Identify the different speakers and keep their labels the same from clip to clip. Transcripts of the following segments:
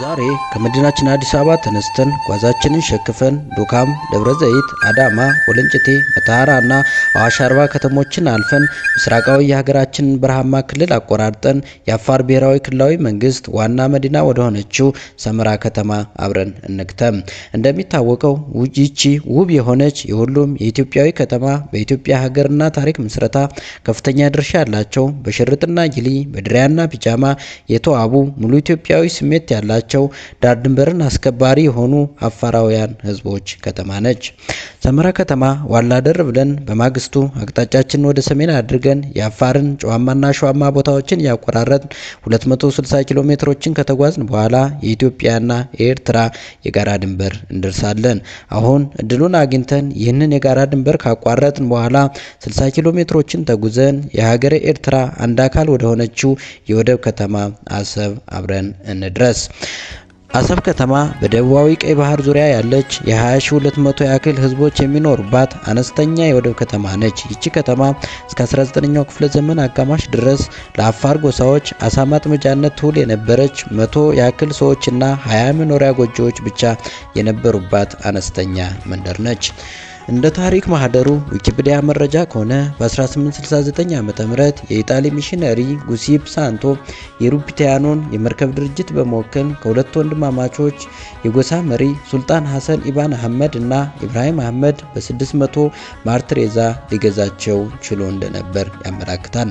Speaker 1: ዛሬ ከመዲናችን አዲስ አበባ ተነስተን ጓዛችንን ሸክፈን ዱካም፣ ደብረ ዘይት፣ አዳማ፣ ወለንጭቴ፣ መተሃራ እና አዋሽ አርባ ከተሞችን አልፈን ምስራቃዊ የሀገራችንን በረሃማ ክልል አቆራርጠን የአፋር ብሔራዊ ክልላዊ መንግስት ዋና መዲና ወደሆነችው ሰመራ ከተማ አብረን እንግተም። እንደሚታወቀው ይቺ ውብ የሆነች የሁሉም የኢትዮጵያዊ ከተማ በኢትዮጵያ ሀገርና ታሪክ ምስረታ ከፍተኛ ድርሻ ያላቸው በሽርጥና ጊሊ በድሪያና ፒጃማ የተዋቡ ሙሉ ኢትዮጵያዊ ስሜት ያላቸው ያላቸው ዳር ድንበርን አስከባሪ የሆኑ አፋራውያን ህዝቦች ከተማ ነች። ሰመራ ከተማ ዋላ ደር ብለን በማግስቱ አቅጣጫችንን ወደ ሰሜን አድርገን የአፋርን ጨዋማና ሸዋማ ቦታዎችን እያቆራረጥን 260 ኪሎ ሜትሮችን ከተጓዝን በኋላ የኢትዮጵያና የኤርትራ የጋራ ድንበር እንደርሳለን። አሁን እድሉን አግኝተን ይህንን የጋራ ድንበር ካቋረጥን በኋላ 60 ኪሎ ሜትሮችን ተጉዘን የሀገረ ኤርትራ አንድ አካል ወደ ሆነችው የወደብ ከተማ አሰብ አብረን እንድረስ። አሰብ ከተማ በደቡባዊ ቀይ ባህር ዙሪያ ያለች የ2200 ያክል ህዝቦች የሚኖሩባት አነስተኛ የወደብ ከተማ ነች። ይቺ ከተማ እስከ 19ኛው ክፍለ ዘመን አጋማሽ ድረስ ለአፋር ጎሳዎች አሳ ማጥመጃነት ትውል የነበረች መቶ ያክል ሰዎችና 20 መኖሪያ ጎጆዎች ብቻ የነበሩባት አነስተኛ መንደር ነች። እንደ ታሪክ ማህደሩ ዊኪፒዲያ መረጃ ከሆነ በ1869 ዓ.ም የኢጣሊ ሚሽነሪ ጉሲፕ ሳንቶ የሩፒቲያኖን የመርከብ ድርጅት በመወከል ከሁለት ወንድማማቾች የጎሳ መሪ ሱልጣን ሐሰን ኢባን አህመድ እና ኢብራሂም አህመድ በ600 ማርትሬዛ ሊገዛቸው ችሎ እንደነበር ያመላክታል።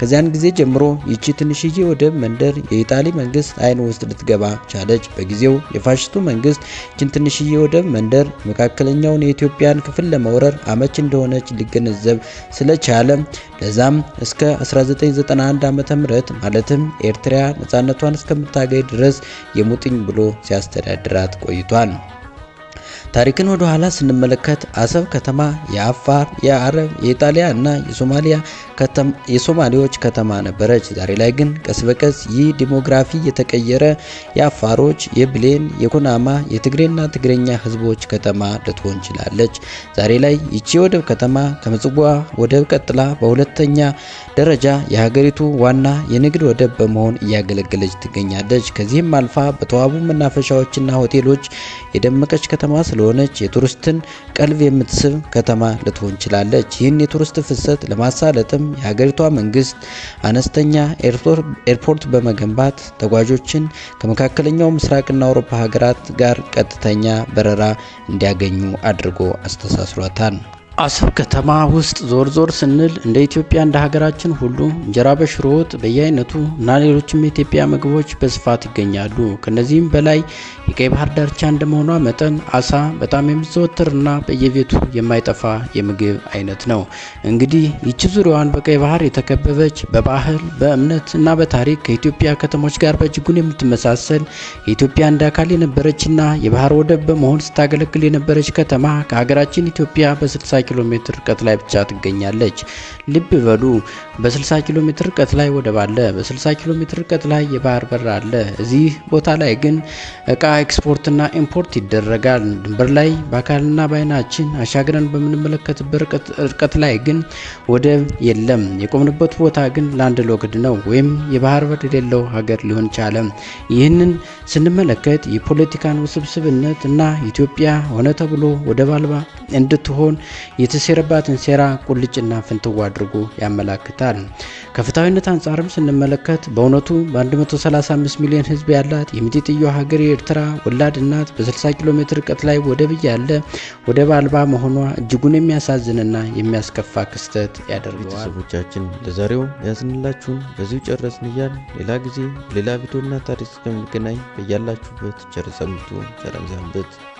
Speaker 1: ከዚያን ጊዜ ጀምሮ ይቺ ትንሽዬ ወደብ መንደር የኢጣሊ መንግስት አይን ውስጥ ልትገባ ቻለች። በጊዜው የፋሽስቱ መንግስት ይችን ትንሽዬ ወደብ መንደር መካከለኛውን የኢትዮጵያን ክፍል ለመውረር አመች እንደሆነች ሊገነዘብ ስለቻለ ለዛም እስከ 1991 ዓመተ ምህረት ማለትም ኤርትራ ነጻነቷን እስከምታገኝ ድረስ የሙጥኝ ብሎ ሲያስተዳድራት ቆይቷል። ታሪክን ወደ ኋላ ስንመለከት አሰብ ከተማ የአፋር፣ የአረብ፣ የኢጣሊያ እና የሶማሊያ የሶማሌዎች ከተማ ነበረች። ዛሬ ላይ ግን ቀስ በቀስ ይህ ዲሞግራፊ የተቀየረ የአፋሮች፣ የብሌን፣ የኩናማ፣ የትግሬና ትግረኛ ህዝቦች ከተማ ልትሆን ችላለች። ዛሬ ላይ ይቺ ወደብ ከተማ ከምጽዋ ወደብ ቀጥላ በሁለተኛ ደረጃ የሀገሪቱ ዋና የንግድ ወደብ በመሆን እያገለገለች ትገኛለች። ከዚህም አልፋ በተዋቡ መናፈሻዎችና ሆቴሎች የደመቀች ከተማ ስለሆነች የቱሪስትን ቀልብ የምትስብ ከተማ ልትሆን ችላለች። ይህን የቱሪስት ፍሰት ለማሳለጥም የሀገሪቷ መንግስት አነስተኛ ኤርፖርት በመገንባት ተጓዦችን ከመካከለኛው ምስራቅና አውሮፓ ሀገራት ጋር ቀጥተኛ በረራ እንዲያገኙ አድርጎ አስተሳስሯታል። አሰብ ከተማ ውስጥ ዞር ዞር ስንል እንደ ኢትዮጵያ እንደ ሀገራችን ሁሉ እንጀራ በሽሮ ወጥ በየአይነቱ እና ሌሎችም የኢትዮጵያ ምግቦች በስፋት ይገኛሉ። ከነዚህም በላይ የቀይ ባህር ዳርቻ እንደመሆኗ መጠን አሳ በጣም የሚዘወትርና በየቤቱ የማይጠፋ የምግብ አይነት ነው። እንግዲህ ይቺ ዙሪያዋን በቀይ ባህር የተከበበች በባህል በእምነት እና በታሪክ ከኢትዮጵያ ከተሞች ጋር በእጅጉን የምትመሳሰል የኢትዮጵያ እንደ አካል የነበረችና የባህር ወደብ በመሆን ስታገለግል የነበረች ከተማ ከሀገራችን ኢትዮጵያ በስልሳ ኪሎ ሜትር ርቀት ላይ ብቻ ትገኛለች። ልብ በሉ በ60 ኪሎ ሜትር ርቀት ላይ ወደብ አለ። በ60 ኪሎ ሜትር ርቀት ላይ የባህር በር አለ። እዚህ ቦታ ላይ ግን እቃ ኤክስፖርትና ኢምፖርት ይደረጋል። ድንበር ላይ በአካልና በአይናችን አሻግረን በምንመለከትበት ርቀት ላይ ግን ወደብ የለም። የቆምንበት ቦታ ግን ላንድ ሎክድ ነው ወይም የባህር በር የሌለው ሀገር ሊሆን ቻለ። ይህንን ስንመለከት የፖለቲካን ውስብስብነት እና ኢትዮጵያ ሆነ ተብሎ ወደብ አልባ እንድትሆን የተሴረባትን ሴራ ቁልጭና ፍንትው አድርጎ ያመላክታል። ከፍትሐዊነት አንጻርም ስንመለከት በእውነቱ በ135 ሚሊዮን ህዝብ ያላት የምትትየዋ ሀገር የኤርትራ ወላድ እናት በ60 ኪሎ ሜትር ርቀት ላይ ወደብ ያለ ወደብ አልባ መሆኗ እጅጉን የሚያሳዝንና የሚያስከፋ ክስተት ያደርገዋል።
Speaker 2: ቤተሰቦቻችን ለዛሬው ያዝንላችሁን በዚሁ ጨረስን እያል ሌላ ጊዜ ሌላ ቪዲዮና ታሪክ እስከምንገናኝ በያላችሁበት ቸር ሰንብቱ፣ ቸር